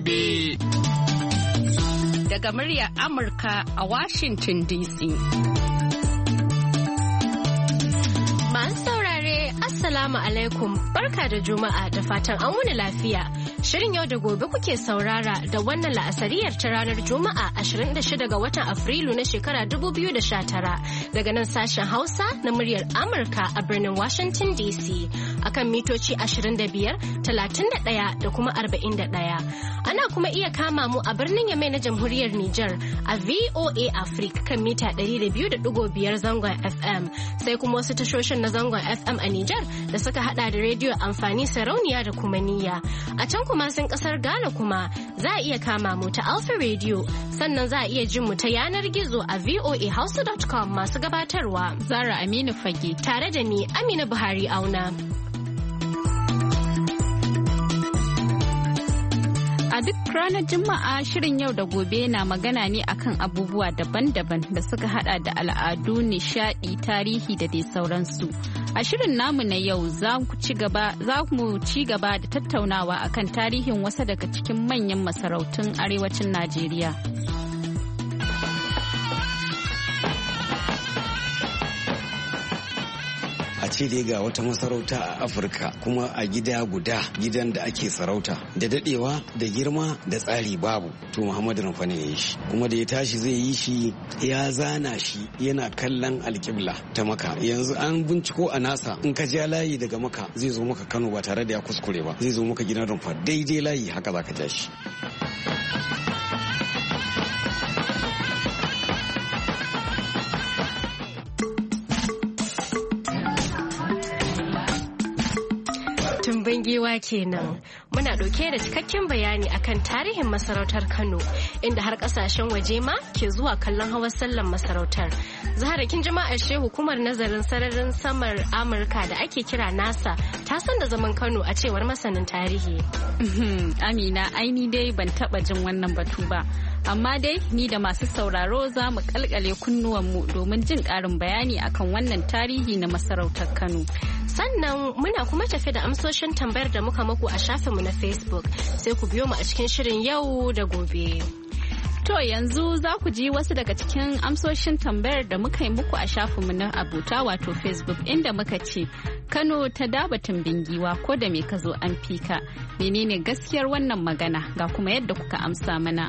gobe. Daga muryar Amurka a Washington DC. Masu saurare, Assalamu alaikum, barka da Juma'a da fatan an wuni lafiya. Shirin yau da gobe kuke saurara da wannan la'asariyar ta ranar Juma'a 26 ga watan Afrilu na shekara 2019 daga nan sashen Hausa na muryar Amurka a birnin Washington DC. akan mitoci 25, 31 da kuma 41. Ana kuma iya kama mu a birnin Yamai na Jamhuriyar Nijar a VOA Africa kan mita 200.5 zangon FM sai kuma wasu tashoshin na zangon FM a Nijar da suka hada da rediyo amfani sarauniya da kuma niyya. A can kuma sun kasar Ghana kuma za a iya kama mu ta Alpha Radio sannan za a iya jin mu ta yanar gizo a voahouse.com masu gabatarwa. Zara Aminu Fage tare da ni Amina Buhari Auna. a duk ranar Juma'a shirin yau da gobe na magana ne akan abubuwa daban-daban da suka hada da al'adu, nishadi, tarihi da dai sauransu. A shirin namu na yau za mu ci gaba da tattaunawa akan tarihin wasu daga cikin manyan masarautun arewacin Najeriya. ce dai ga wata masarauta a afirka kuma a gida guda gidan da ake sarauta da dadewa da girma da tsari babu to muhammadu rufa ne ya yi shi kuma da ya tashi zai yi shi ya zana shi yana kallon alkibla ta maka yanzu an binciko a nasa in ka ja layi daga maka zai zo maka kano ba tare da ya kuskure ba zai zo maka gidan rumfa daidai layi haka za ka ja shi Adamawa kenan. Muna ɗauke da cikakken bayani akan tarihin masarautar Kano inda har ƙasashen waje ma ke zuwa kallon hawan sallan masarautar. Zahara kin ji ashe hukumar nazarin sararin samar Amurka da ake kira NASA ta san da zaman Kano a cewar masanin tarihi. Amina, aini dai ban taɓa jin wannan batu ba. Amma dai ni da masu sauraro za mu kalkale mu domin jin ƙarin bayani akan wannan tarihi na masarautar Kano. Sannan muna kuma tafi da amsoshin tambayar da muka muku a shafinmu na Facebook sai ku biyo mu a cikin shirin yau da gobe. To yanzu za ku ji wasu daga cikin amsoshin tambayar da muka yi muku a shafinmu na abuta wato Facebook inda muka ce Kano ta daba bingiwa ko da me ka zo an fika menene gaskiyar wannan magana ga kuma yadda kuka amsa mana.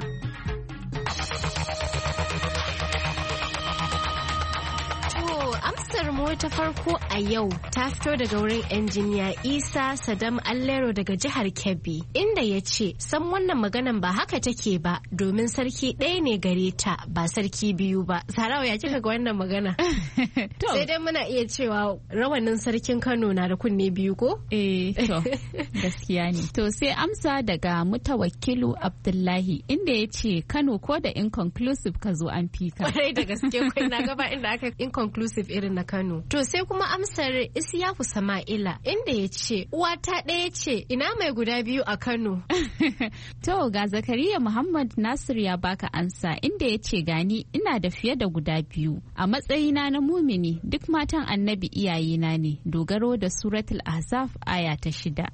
mu ta farko a yau ta fito daga wurin injiniya Isa Sadam Allero daga jihar Kebbi inda ya ce san wannan maganan ba haka take ba domin sarki ɗaya ne gare ta ba sarki biyu ba. Sarawa ya kika ga wannan magana? Sai dai muna iya cewa rawanin sarkin Kano na da kunne biyu ko? Eh to gaskiya ne. To sai amsa daga mutawakkilu Abdullahi inda ya ce Kano ko da inconclusive ka zo an fika. Kwarai da gaske na gaba inda aka inconclusive irin na Kano. Kano. To sai kuma amsar Isiyaku Sama'ila inda ya ce uwata ɗaya ce ina mai guda biyu a Kano. to ga Zakariya Muhammad Nasir ya baka ansa inda ya ce gani ina da fiye da guda biyu a matsayina na mumini duk matan annabi iyayena ne dogaro da suratul ahzaf aya ta shida.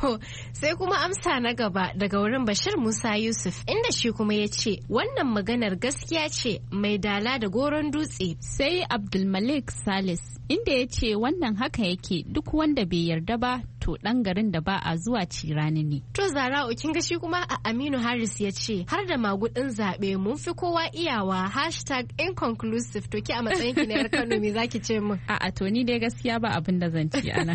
To sai kuma amsa na gaba daga wurin Bashir Musa Yusuf inda shi kuma ya ce wannan maganar gaskiya ce mai dala da goron dutse. Sai Abdulmalik Salis inda ya ce wannan haka yake duk wanda bai yarda ba to dan garin da ba a zuwa cirani ne. To Zara'u kin gashi kuma a Aminu Harris ya ce har da magudin zabe mun fi kowa iyawa hashtag inconclusive to ki a matsayin ki ne har Kano me zaki ce min? A'a to ni dai gaskiya ba abin da zan ci ana.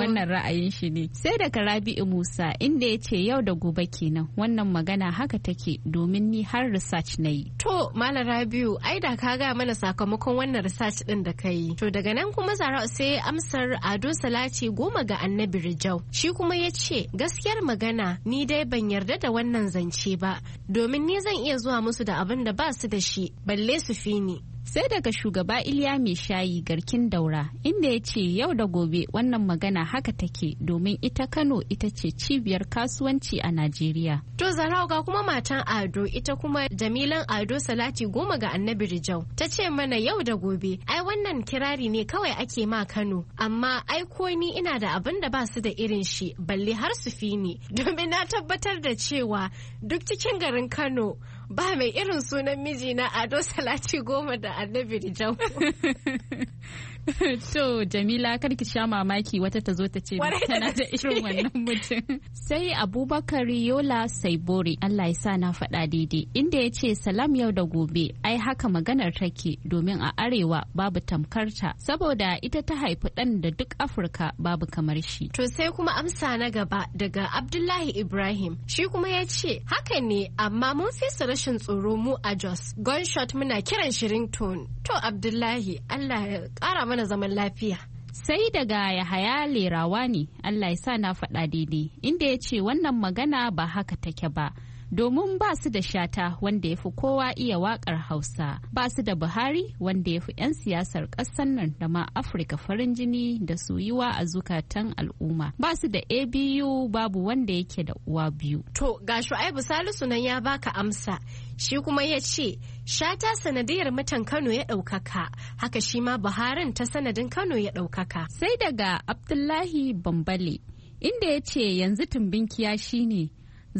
Wannan ra'ayin shi ne. Sai daga Rabi'u Musa inda ya ce yau da gobe kenan wannan magana haka take domin ni har research na yi. To Malam Rabi'u ai da ka ga mana sakamakon wannan research din da ka yi. To daga nan kuma Zara'u sai amsar Ado Salati goma ga annabi na Birjau. Shi kuma ya ce gaskiyar magana ni dai ban yarda da wannan zance ba domin ni zan iya zuwa musu da abin da ba su da shi balle su fi ni. sai daga shugaba iliya mai shayi garkin daura inda ya ce yau da gobe wannan magana haka take domin ita kano ita ce cibiyar kasuwanci a najeriya to zarau ga kuma matan ado ita kuma jamilan ado salati goma ga annabi rijau ta ce mana yau da gobe ai wannan kirari ne kawai ake ma kano amma ai ko ni ina da abin da ba su da irin shi balle har su fi ni domin na tabbatar da cewa duk cikin garin kano ba mai irin sunan mijina na ado salati goma da annabi rijau to Jamila kar ki sha mamaki wata ta zo ta ce tana da irin wannan mutum. Sai Abubakar Yola Saibori Allah ya sa na faɗa daidai inda ya ce salam yau da gobe ai haka maganar take domin a arewa babu tamkarta saboda ita ta haifi ɗan da duk Afirka babu kamar shi. To sai kuma amsa na gaba daga Abdullahi Ibrahim shi kuma ya ce haka ne amma mun fesa rashin tsoro mu a Jos gunshot muna kiran shirin tone. To Abdullahi Allah ya ƙara mana zaman lafiya. Sai daga Yahaya Lerawa ne, Allah ya sa na faɗa daidai, inda ya ce wannan magana ba haka take ba. domin ba su da shata wanda ya fi kowa iya wakar hausa ba su da buhari wanda ya fi 'yan siyasar ƙasar nan da ma afirka farin jini da su yi wa a zukatan al'umma ba su da abu babu wanda yake da uwa biyu to ga shu'aibu salisu nan ya baka amsa shi kuma ya ce shata sanadiyar mutan kano ya ɗaukaka haka shi ma buharin ta sanadin kano ya ɗaukaka sai daga abdullahi bambale inda ya ce yanzu tumbin kiya shine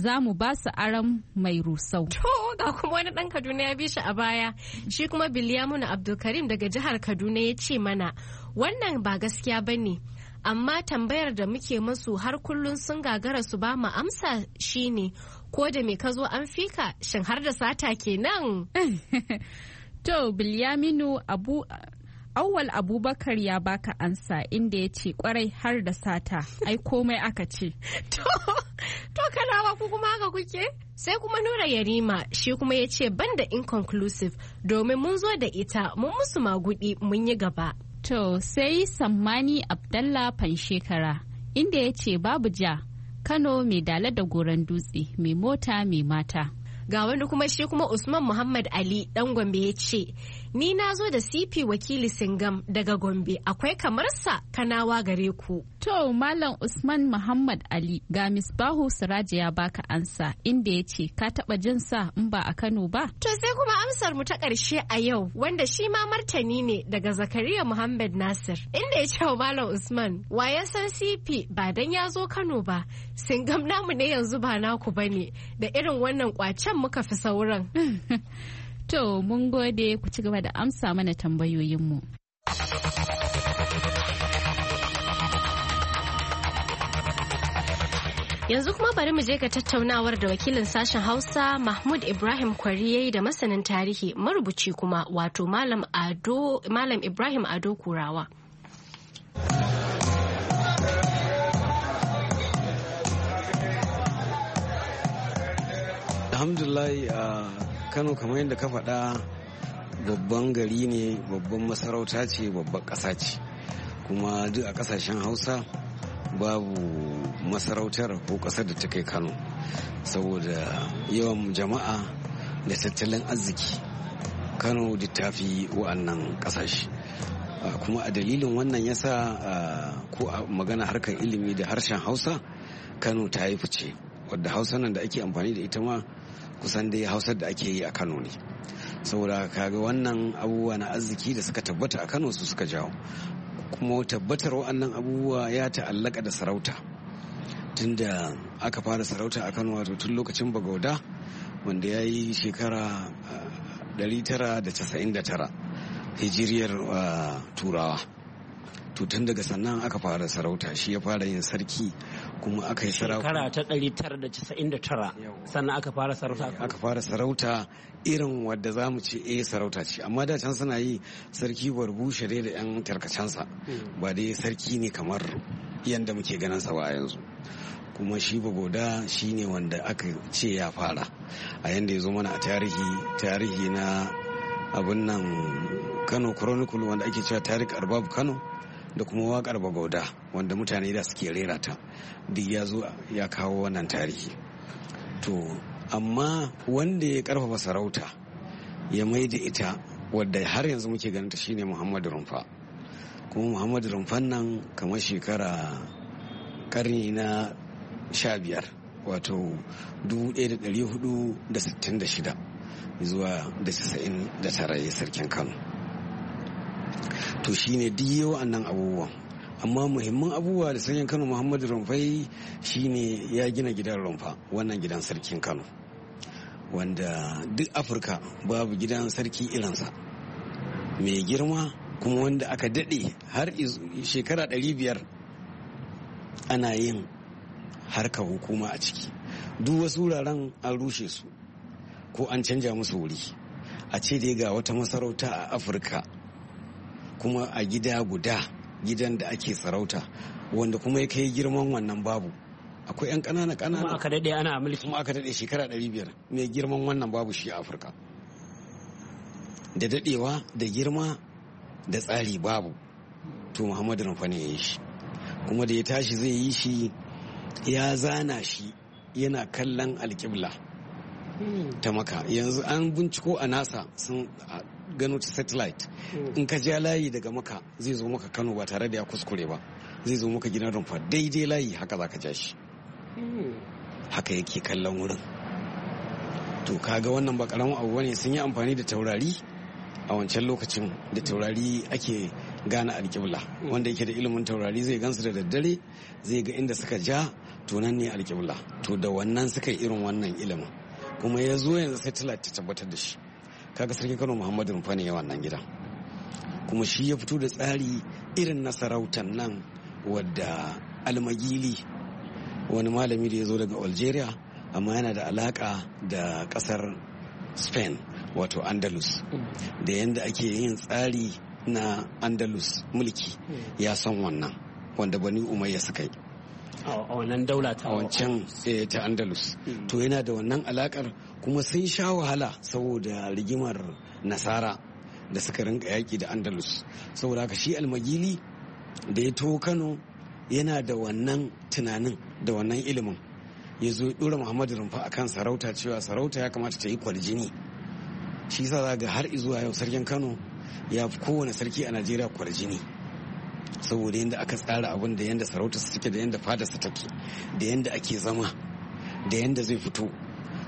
za mu ba su aram mai rusau. To ga kuma wani ɗan Kaduna ya bi shi a baya. Shi kuma Bilyamuna Abdulkarim daga jihar Kaduna ya ce mana wannan ba gaskiya ba ne. Amma tambayar da muke masu har kullum sun gagara su ba mu amsa shine ko da me ka zo an fika shin har da sata kenan. to Bilyaminu Abu Awwal Abubakar ya baka ansa inda ya ce kwarai har da sata, ai komai aka ce. to, kanawa ku kuma haka kuke? Sai kuma Nura Yarima shi kuma ya ce banda inconclusive domin mun zo da ita mun musu magudi mun yi gaba. To sai Sammani Abdallah Fanshekara inda ya ce babu ja Kano mai dala da goron dutse mai mota mai mata. Ga wani kuma shi kuma Usman Muhammad Ali ɗan Gombe ya ce Ni na zo da CP wakili Singam daga Gombe akwai kamar sa kanawa gare ku. To Malam Usman Muhammad Ali ga Bahu Siraji ya baka ansa inda ya ce ka taba jin sa in ba a Kano ba. To sai kuma amsar mu ta ƙarshe a yau wanda shi ma martani ne daga Zakariya Muhammad Nasir inda ya ce Malam Usman wa ya san CP ba dan ya zo Kano ba Singam namu ne yanzu ba naku bane da irin wannan kwacen muka fi sauran. To mun gode ku ci gaba da amsa mana tambayoyinmu. Yanzu kuma bari mu je ga tattaunawar da wakilin sashen Hausa Mahmud Ibrahim Kwari da masanin tarihi marubuci kuma wato Malam Ibrahim Ado Kurawa. Alhamdulillah uh, kano kamar yadda ka faɗa babban gari ne babban masarauta ce babban ƙasa ce kuma duk a ƙasashen hausa babu masarautar ko ƙasar da ta kai kano saboda yawan jama'a da tattalin arziki kano da fi wa'annan ƙasashe kuma a dalilin wannan yasa ko a magana harkar ilimi da harshen hausa kano ta yi fice wadda hausa nan da ake amfani da ita ma kusan dai hausar da ake yi a kano ne saboda kaga wannan abubuwa na arziki da suka tabbata a kano su suka jawo kuma tabbatar wa'annan abubuwa ya ta'allaka da sarauta Tun da aka fara sarauta a kano wato tun lokacin bagauda wanda ya yi shekara 999 hijiriyar turawa to tun daga sannan aka fara sarauta shi ya fara yin sarki kuma aka yi sarauta shekara ta tara sannan aka fara sarauta aka fara sarauta irin wadda za mu ce eh sarauta ce amma da can suna yi sarki barbu dai da yan tarkacensa ba dai sarki ne kamar yadda muke ganin sa ba yanzu kuma shi bagoda shi ne wanda aka ce ya fara a yadda ya zo mana a tarihi tarihi na abin nan kano chronicle wanda ake cewa tarihi arbab kano da kuma waƙar bagauda wanda mutane da suke rera ta duk ya zo ya kawo wannan tarihi to amma wanda ya karfafa sarauta ya mai da ita wadda har yanzu muke ganin ta shine muhammadu rumfa kuma muhammadu rumfan nan kamar shekara karni na sha biyar wato 1466 zuwa da tara ya sarkin kano to shine duk yi nan abubuwan amma muhimmin abubuwa da sanyin kano muhammadu rumfai shine ya gina gidan rumfa wannan gidan sarkin kano wanda duk afirka babu gidan sarki irinsa mai girma kuma wanda aka daɗe har shekara biyar ana yin harka hukuma a ciki duk wasu wuraren an rushe su ko an canja musu wuri a ce dai ga wata masarauta a afirka kuma a gida guda gidan da ake sarauta wanda kuma ya kai girman wannan babu akwai 'yan ƙanana ƙanana kuma aka daɗe ana mulki kuma aka daɗe shekara 500 mai girman wannan babu shi a afirka da daɗewa da girma da tsari babu to muhammadu rumfa ne ya yi shi kuma da ya tashi zai yi shi ya zana shi yana kallon alƙibla hmm. ta maka yanzu an binciko a nasa sun gano ta satellite hmm. in ka ja layi daga maka zai zo maka kano ba tare da ya kuskure ba zai zo maka gidan rumfa daidai layi haka za ka ja shi hmm. haka yake kallon wurin to kaga wannan ba karamin abu bane sun yi amfani da taurari a wancan lokacin da taurari ake gane alƙibla hmm. wanda yake da ilimin taurari zai gansu da daddare zai ga inda suka ja tunan ne alƙibla to da wannan suka irin wannan ilimin kuma ya zo yanzu satellite ta tabbatar da shi kaga sarkin kano muhammadu rumfa ne wannan gida kuma shi ya fito da tsari irin na sarautan nan wadda almagili wani malami da ya zo daga algeria amma yana da alaka da kasar spain wato andalus da yadda ake yin tsari na andalus mulki ya san wannan wanda bani umayya suka yi a wannan daula ta wancan eh, ta andalus mm. to yana da wannan alakar kuma sun sha wahala saboda rigimar nasara da suka rinka yaƙi da andalus saboda haka shi almagili da ya taho kano yana da wannan tunanin da wannan ilimin ya zo ya ɗora muhammadu rumfa a kan sarauta cewa sarauta ya kamata ta yi kwarjini shi sa za ga har izuwa yau sarkin kano ya fi kowane sarki a najeriya kwarjini saboda yadda aka tsara abin da yadda sarauta su take da yadda fadarsa take da yadda ake zama da yadda zai fito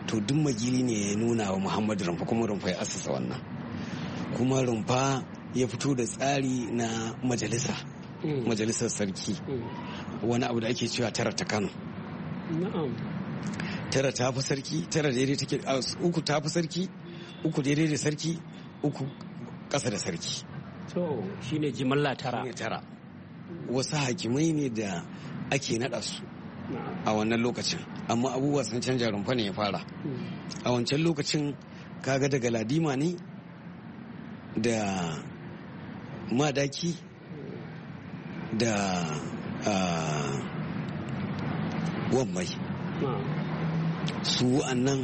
to duk magili ne ya nuna wa muhammadu rumfa kuma rumfa ya asasa wannan kuma rumfa ya fito da tsari na majalisa hmm. majalisar sarki hmm. wani abu da ake cewa tara ta kano tara ta fi sarki tara daidai take uku ta fi sarki uku daidai da sarki uku ƙasa da sarki to shine jimilla tara tara wasu hakimai ne da ake naɗa su a wannan lokacin amma abubuwa sun canja rumfa ne ya fara a wancan lokacin kaga daga ladima ne da madaki da wammai su anan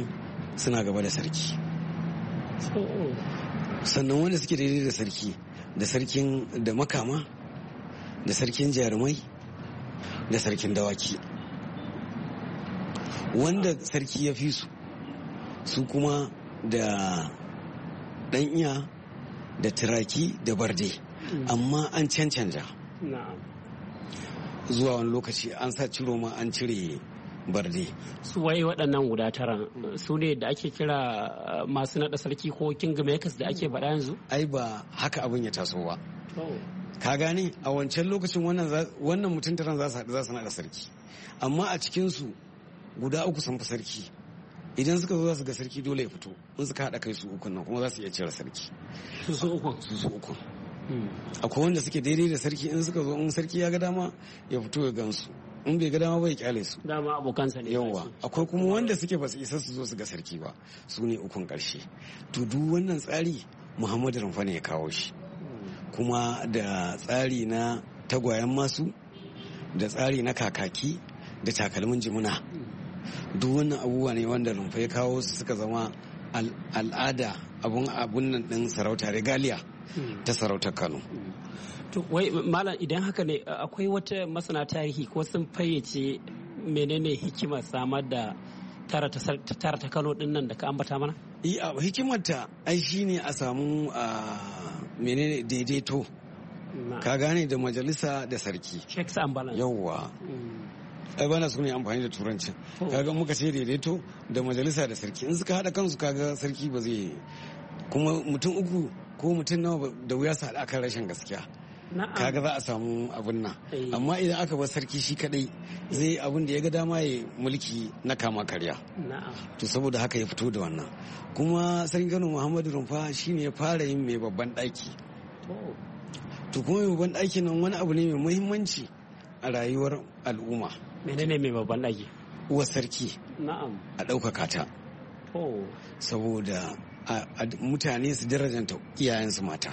suna gaba da sarki sannan wanda suke daidai da sarki da sarkin da makama da sarkin jarumai da sarkin dawaki wanda sarki ya fi su su kuma da ɗanya da turaki da barde hmm. amma an cancanta zuwa wani lokaci an sa ciro ma an cire barde su waye waɗannan guda tara su ne da ake kira eh, masu naɗa sarki ko kingmakers da ake baɗa yanzu ai ba haka abin ya taso ba ka gane a wancan lokacin wannan mutum taron za su haɗu za su naɗa sarki amma a cikinsu guda uku sun fi sarki idan suka zo su ga sarki dole ya fito in suka haɗa kai su ukun nan kuma za su iya cire sarki su su ukun su su ukun hmm. akwai wanda suke daidai da sarki in suka zo in sarki ya ga dama ya fito ya gansu in bai ga dama bai kyale su dama abokansa ne yawa akwai kuma wanda suke ba su isa su zo su ga sarki ba su ne ukun karshe to duk wannan tsari muhammadu rumfa ne ya kawo shi hmm. kuma da tsari na tagwayen masu da tsari na kakaki da takalmin jimuna hmm. duk wani abubuwa ne wanda rumfai kawo su suka zama al'ada abun abun nan din sarauta regaliya hmm. ta sarautar kano hmm. to wai malam idan haka ne akwai wata masana tarihi ko sun fayyace menene hikimar samar da tara ta kano din nan da ka ambata mana hikimarta ai shine a samu menene daidaito ka gane da majalisa da sarki checks and balance yawwa hmm. ai bana so amfani da turanci oh. kaga muka ce daidaito da majalisa da sarki in suka haɗa kansu kaga sarki ba zai kuma mutum uku ko mutum nawa da wuya su haɗa kan rashin gaskiya kaga za a samu abin nan eh. amma idan aka bar sarki shi kadai zai abin da ya ga dama ya mulki na kama karya to saboda haka ya fito da wannan kuma sarki kano muhammadu rumfa shine ya fara yin mai babban daki oh. to kuma mai babban daki nan wani abu ne mai muhimmanci a rayuwar al'umma menene mai babban ɗaki uwar sarki na'am a ɗaukaka ta saboda mutane su darajanta iyayensu mata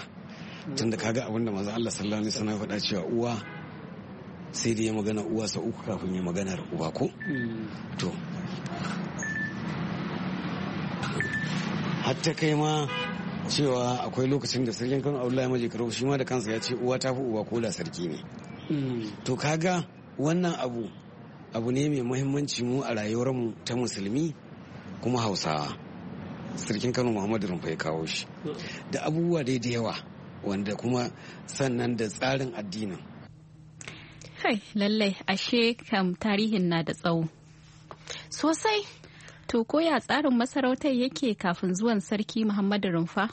tunda kaga abin da maza Allah sallallahu alaihi wasallam faɗa cewa uwa sai dai ya magana uwa sa uku kafin ya magana uba ko hmm. to hatta kai ma cewa akwai lokacin da sarkin Kano Abdullahi Maji Karo shi ma da kansa ya ce uwa ta fi uba ko da sarki ne hmm. to kaga wannan abu abu ne mai muhimmanci mu a rayuwarmu ta musulmi kuma hausawa Sirkin kano muhammadu rumfa ya kawo shi da abubuwa dai da yawa wanda kuma sannan da tsarin addinin kai lallai ashe kam tarihin na da tsawo sosai To koya tsarin masarautar yake kafin zuwan sarki Muhammadu Rumfa?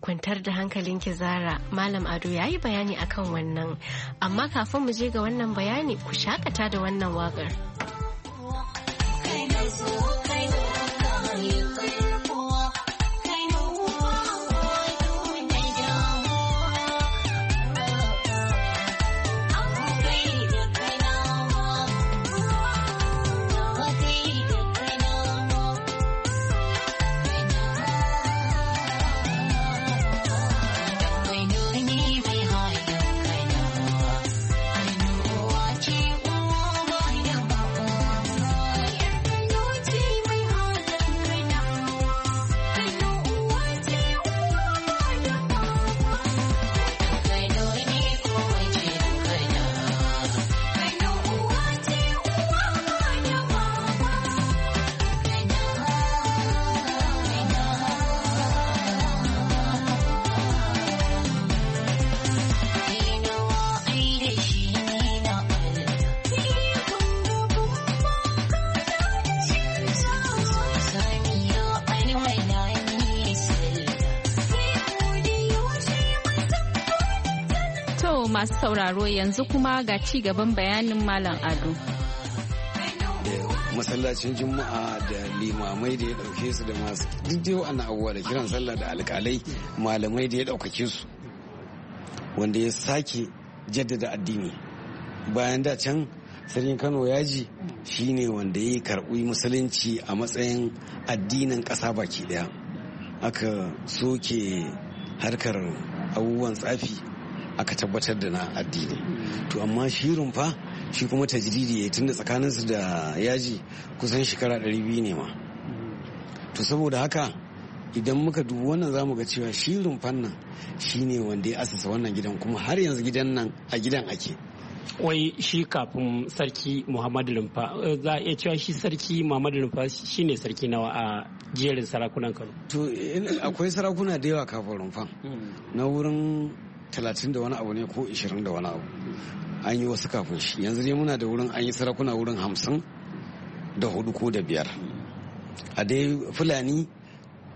Kwantar da hankalinki Zara, Malam Ado ya yi bayani akan wannan. Amma kafin mu je ga wannan bayani ku shakata da wannan waƙar. masu sauraro yanzu kuma ga ci gaban bayanin Malam Ado. masallacin juma'a da limamai da ya dauke su da masu duk dai wa'annan da kiran sallah da alkalai malamai da ya daukake su wanda ya sake jaddada addini bayan da can sarkin kano yaji shine wanda ya karɓi musulunci a matsayin addinin ƙasa baki daya aka soke harkar abubuwan tsafi aka tabbatar da na addini to amma shi rumfa shi kuma tajiriri ya tunda tsakaninsu da yaji kusan shekara 200 ne ma to saboda haka idan muka dubi wannan zamu ga cewa shi rumfan nan shine wanda ya asasa wannan gidan kuma har yanzu gidan nan a gidan ake wai shi kafin sarki muhammadu rumfa eh, za a iya cewa shi sarki muhammadu rumfa shine sarki nawa a jerin sarakunan kano to eh, akwai sarakuna da yawa kafin rumfan hmm. na wurin talatin da wani abu ne ko ishirin da wani abu an yi wasu kafin shi yanzu ne muna da wurin an yi sarakuna wurin hamsin da hudu ko da biyar a dai fulani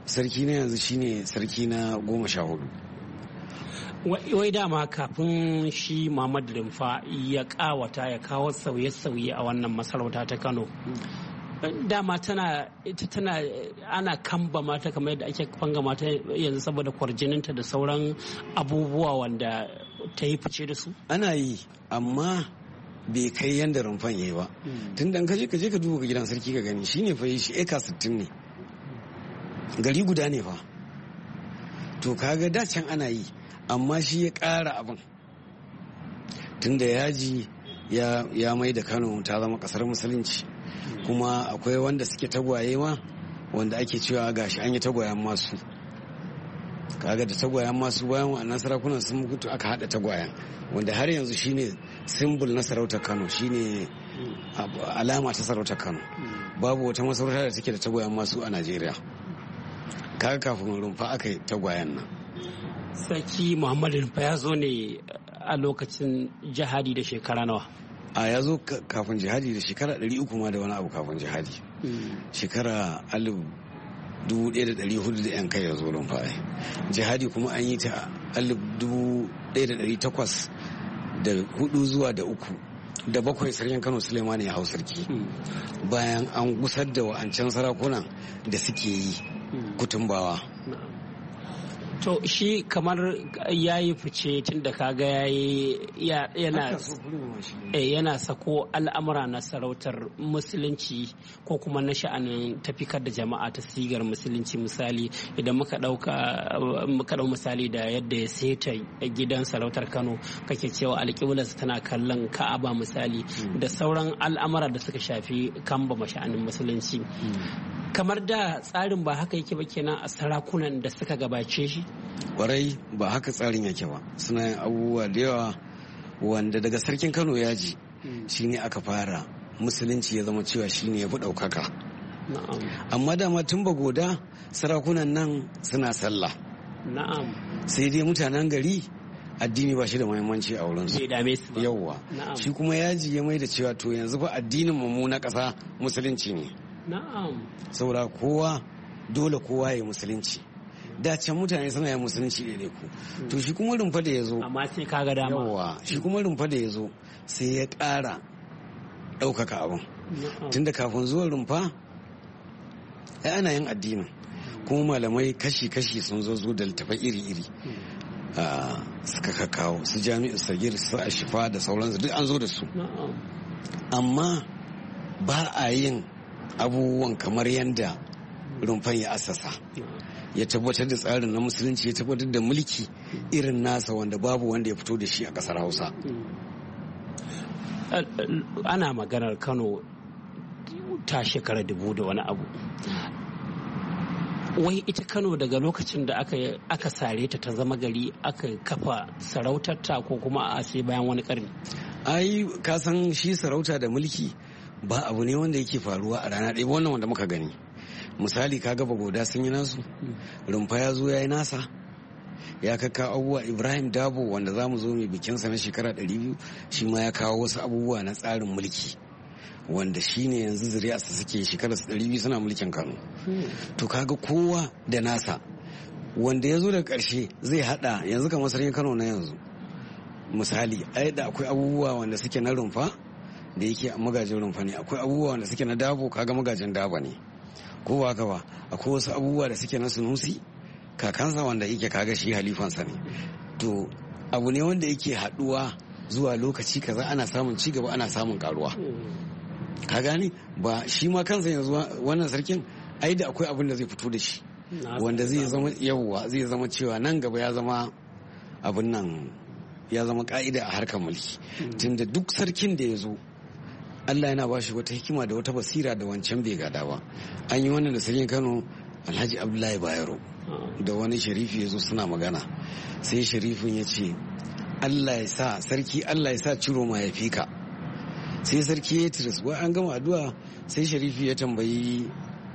sarki na yanzu shine sarki na goma sha hudu wai dama kafin shi muhammadu rumfa ya kawata ya kawo sauye-sauye a wannan masarauta ta kano dama tana ita tana ana kamba mata kamar yadda ake fanga mata yanzu saboda kwarjininta da sauran abubuwa wanda ta yi fice da su ana yi amma bai kai yadda rumfan yayi ba hmm. tun dan kaje kaje ka duba gidan sarki ka gani shine fa shi eka 60 ne gari guda ne fa to kaga da can ana yi amma shi ya kara abin tunda yaji ya mai da kano ta zama kasar musulunci kuma akwai wanda suke tagwaye ma wanda ake cewa gashi an yi tagwayen masu kaga da tagwayen masu bayan wa'annan sarakunan sun mutu aka hada tagwayen wanda har yanzu shine simbol na sarautar kano shine alama ta sarautar kano babu wata masarauta da take da tagwayen masu a najeriya kaga kafin rumfa aka yi tagwayen nan sarki muhammadu rumfa ya zo ne a lokacin jihadi da shekara nawa a ya zo kafin jihadi da shekara 300 ma da wani abu kafin jihadi mm. shekara alif dubu ɗaya da ɗari hudu da yan kai ya zo don fa'a jihadi kuma an yi ta alif dubu ɗaya da ɗari takwas da hudu zuwa da uku da bakwai sarkin kano suleiman ya hau sarki mm. bayan an gusar da wa'ancan sarakunan da suke yi mm. kutumbawa to shi kamar ya yi fice tun da kaga ya yi yana sako al'amura na sarautar musulunci ko kuma na sha'anin tafikar da jama'a ta sigar musulunci misali idan muka ɗau misali da yadda ya seta gidan sarautar kano kake cewa alƙiblarsa tana kallon ka'aba misali hmm. da sauran al'amura da suka shafi kamba sha'anin musulunci hmm. kamar da tsarin ba haka yake ba kenan a sarakunan da suka gabace shi kwarai ba haka tsarin yake ba suna yin abubuwa da yawa wanda daga sarkin kano ya ji hmm. ne aka fara musulunci ya zama cewa shi ne ya fi ɗaukaka amma dama tun ba goda sarakunan nan suna sallah sai dai mutanen gari addini ba shi da mahimmanci a wurin su yauwa shi kuma yaji ya mai da cewa to yanzu fa addinin mu na ƙasa musulunci ne na'am kowa dole kowa ya musulunci da can mutane suna yin musulunci ne ku to shi kuma rumfa da ya zo amma sai kaga dama yawa shi kuma rumfa da ya zo sai ya ƙara ɗaukaka abin tunda kafin zuwa rumfa ai ana yin addinin kuma malamai kashi-kashi sun zo zo da littafai iri-iri hmm. ah, suka kakawo su jami'u sagir su Shifa da sauransu duk an zo da su amma ba a yin abubuwan kamar yadda rumfan ya asasa ya tabbatar da tsarin na musulunci ya tabbatar da mulki irin nasa wanda babu wanda ya fito da shi a kasar hausa ana maganar kano ta shekara dubu da wani abu wai ita kano daga lokacin da aka sare ta ta zama gari aka kafa sarautarta ko kuma a sai bayan wani karni ai kasan shi sarauta da mulki ba abu ne wanda yake faruwa a rana ɗaya wannan wanda muka gani misali kaga goda sun yi nasu rumfa ya zo ya yi nasa ya kaka abubuwa ibrahim dabo wanda za mu zo mai bikinsa na shekara 200 shi ma ya kawo wasu abubuwa na tsarin mulki wanda shi ne yanzu zuriyarsa suke shekarar 200 suna mulkin kano to kaga kowa da nasa wanda ya zo da karshe zai hada yanzu kamar sarkin kano na yanzu misali ai da akwai abubuwa wanda suke na rumfa da yake a magajin rumfa ne akwai abubuwa da suke na dabo kaga magajin daba ne ko ba ka akwai wasu abubuwa da suke na sunusi kakansa wanda yake kaga shi halifansa ne to abu ne wanda yake haduwa zuwa lokaci kaza ana samun ci gaba ana samun karuwa ka gani ba shi ma kansa yanzu wannan sarkin ai da akwai abin da zai fito da shi wanda zai zama yawwa zai zama cewa nan gaba ya zama abin nan ya zama ka'ida a harkar mulki hmm. tunda duk sarkin da ya zo Allah yana ba shi wata hikima da wata basira da wancan bai gada ba an yi wannan da sarkin Kano Alhaji Abdullahi Bayero da wani sharifi ya zo suna magana sai sharifin ya ce Allah ya sa sarki Allah ya sa ciro ma ya fika sai sarki ya tiris wai an gama addu'a sai sharifi ya tambayi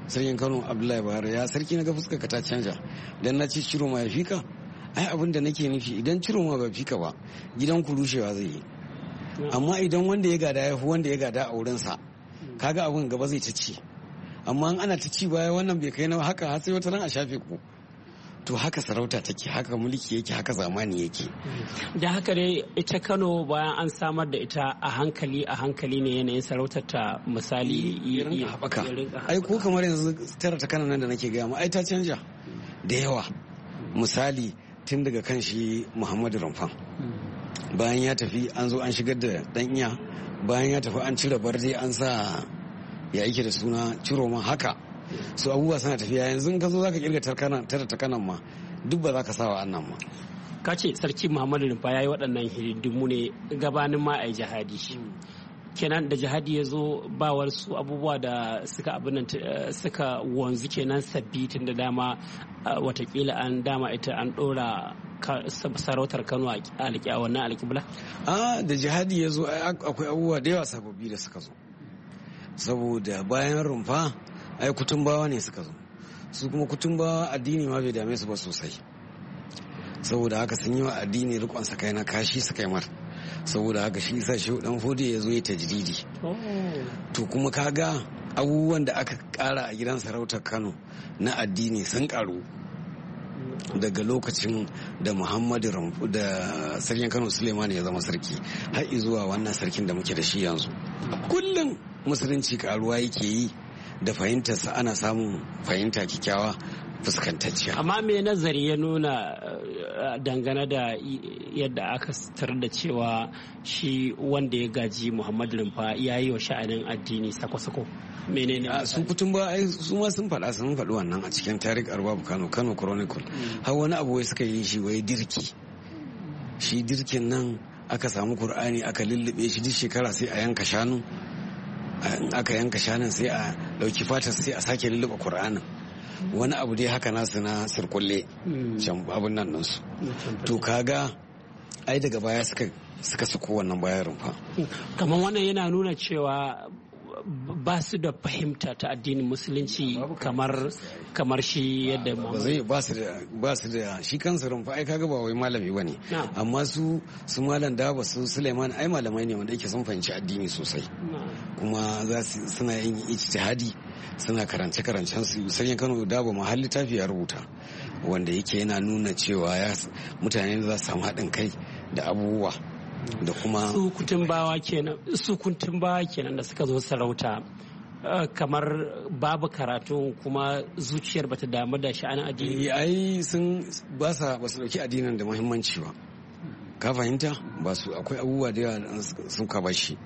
sarkin Kano Abdullahi Bayero ya sarki na ga fuska ka ta canja dan na ce ciro ma ya fika ai abin da nake nufi idan ciro ma ba fika ba gidan ku rushewa zai yi amma idan wanda ya gada ya fi wanda ya gada a wurinsa kaga abin gaba zai ta ci amma in ana ta ci baya wannan bai kai na haka har sai wata ran a shafe ku to haka sarauta take haka mulki yake haka zamani yake da haka dai ita kano bayan an samar da ita a hankali a hankali ne yanayin sarautar ta misali haɓaka ai ko kamar yanzu tara ta kano nan da nake gaya ma ai ta canja da yawa misali tun daga kan shi muhammadu rumfan bayan ya tafi an zo an shigar da dan iya bayan ya tafi an cire barje an sa ya yake da suna ciro ma haka su abubuwa suna tafiya yanzu ka zo zaka kirga tara kanan ma duk ba za ka sawa annan ma ka ce sarki muhammadu rufa ya yi waɗannan hidindimu ne gabanin ma a yi jihadi kenan da jihadi ya zo ba su abubuwa da suka abin eh, suka wanzu kenan sabbi tun da dama eh, watakila an dama ita an dora sarautar kano a wannan alƙibla? a da jihadi ya zo akwai abubuwa da yawa sababbi da suka zo saboda bayan rumfa ai kutumbawa ne suka zo su kuma kutumbawa addini ma bai dame su ba sosai saboda haka sun yi wa addini rikon sakai na kashi sakai mara saboda haka shi sa shi dan fodi ya zo ya tajridi oh. to kuma kaga abubuwan da aka kara a gidan sarautar Kano na addini sun karu daga lokacin da muhammadu da sarkin kano suleiman ya zama sarki har zuwa wannan sarkin da muke da shi yanzu kullum musulunci karuwa yake yi da fahimtarsa ana samun fahimta kyakkyawa fuskantacciya amma me nazari ya nuna eh, dangane da yadda aka tar da cewa shi wanda ya gaji muhammadu rumfa ya yi wa sha'anin addini sako-sako menene su kutun ba su ma sun faɗa sun faɗi wannan a cikin tarik arbabu kano kano chronicle mm. har wani abu wai suka yi shi wai dirki shi dirkin nan aka samu kur'ani aka lullube shi duk shekara sai a yanka shanu aka yanka shanun sai a ɗauki fatar sai a sake lullube kur'anin wani abu dai haka nasu na sirkulle hmm. can abin nan nasu to kaga ai daga baya suka suka suko wannan bayan rumfa hmm. kamar wannan yana nuna cewa ba su da fahimta ta addinin musulunci kamar kamar shi yadda ba ba su da shi kansu rumfa ai kaga ba wai malami bane amma su su malam da ba su Suleiman ai malamai ne wanda yake sun fahimci addini sosai kuma za su suna yin ijtihadi suna karance karancen su sanyin kano da ba mahalli tafi ya rubuta wanda yake yana nuna cewa ya mutane za su samu haɗin kai da abubuwa da kuma su kenan kenan da suka zo sarauta eh, kamar babu karatu kuma zuciyar bata damu da sha'anin addini eh, ai sun ba ba su dauki addinin da muhimmanci ba ka fahimta ba su akwai abubuwa da yawa sun ka bashi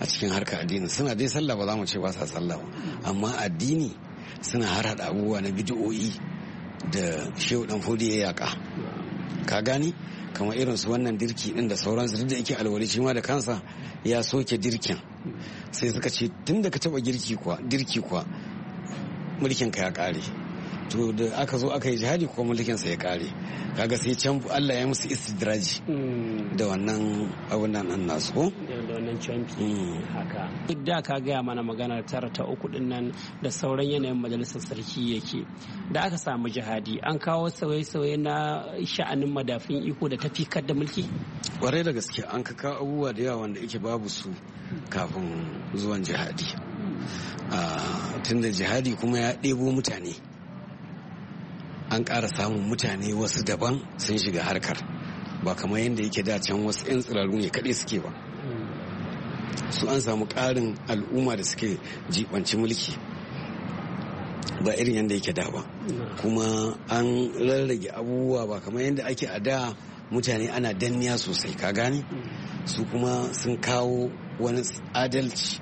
a cikin harkar addini suna dai sallah ba za mu ce ba sa sallah amma addini suna harhaɗa abubuwa na bidiyo'i da shehu dan fodi ya yaka ka gani kamar irin su wannan dirki din da sauransu duk da yake alwali shi ma da kansa ya soke dirkin sai suka ce tun da ka taba girki kuwa kuwa mulkin ka ya kare to da aka zo aka yi jihadi kuma mulkin sa ya kare kaga sai can Allah ya musu istidraji mm. da wannan abun nan nasu ko da wannan canfi mm. haka duk da ka gaya mana magana tara ta uku din nan da sauran yanayin majalisar sarki yake da aka samu jihadi an kawo sauye-sauye na sha'anin madafin iko da tafikar da mulki kwarai da gaske an ka kawo abubuwa da yawa wanda yake babu su kafin zuwan jihadi mm. ah, tunda jihadi kuma ya ɗebo mutane an ƙara samun mutane wasu daban sun shiga harkar ba kamar yadda yake da can wasu 'yan tsirarru ne kaɗai suke ba su an samu ƙarin al'umma da suke jibanci mulki ba irin yadda yake da ba kuma an rarrage abubuwa ba kamar yadda ake a da mutane ana danniya sosai ka gane su kuma sun kawo wani adalci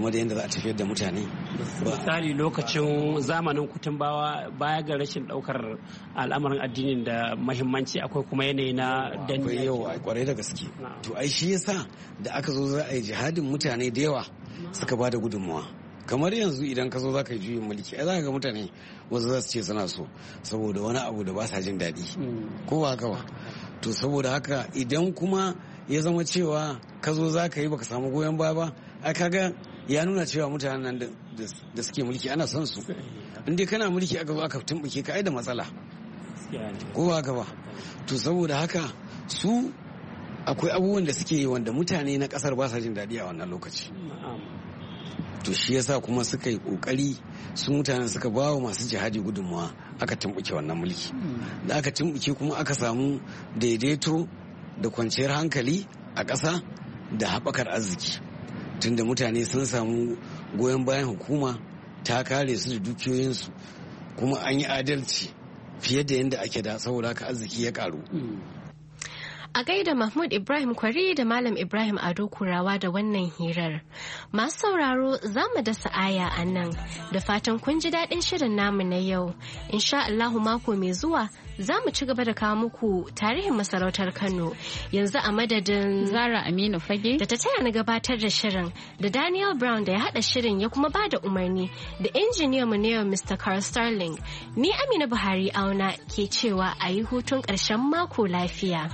game da yadda za a tafiyar da mutane misali lokacin zamanin kutun bawa baya ga rashin daukar al'amarin addinin da mahimmanci akwai kuma yanayi na danniya akwai yawa kwarai da gaske to ai shi yasa da aka zo za a yi jihadin mutane da yawa suka ba da gudunmawa kamar yanzu idan ka zo za ka yi juyin mulki ai za ga mutane wasu za su ce suna so saboda wani abu da ba sa jin daɗi hmm. ko ba haka ba to saboda haka idan kuma ya zama cewa ka zo za ka yi baka samu goyon baya ba ai kaga ya nuna cewa mutanen nan da suke mulki ana son su in dai kana mulki aka gaba aka tumbuke ka ai matsala ko ba ba to saboda haka su akwai abubuwan da suke yi wanda mutane na kasar ba sa jin daɗi a wannan lokaci to shi yasa kuma suka yi kokari su mutanen suka ba wa masu jihadi gudunmawa aka tumbuke wannan mulki da aka tumbuke kuma aka samu daidaito da kwanciyar hankali a ƙasa da haɓakar arziki tunda mutane sun samu goyon bayan hukuma ta kare su da dukiyoyinsu kuma an yi adalci fiye da yadda ake da saboda haka arziki ya karu a gaida Mahmud Ibrahim Kwari da Malam Ibrahim Ado Kurawa da wannan hirar. Masu sauraro za mu dasa aya a nan da fatan kun ji daɗin shirin namu na yau. insha'allahu mako mai zuwa za mu ci gaba da kawo muku tarihin masarautar Kano yanzu a madadin Zara Aminu Fage da ta taya na gabatar da shirin da Daniel Brown da ya hada shirin ya kuma bada umarni da injiniya mu ne Mr. Carl Starling ni Amina Buhari auna ke cewa a yi hutun ƙarshen mako lafiya.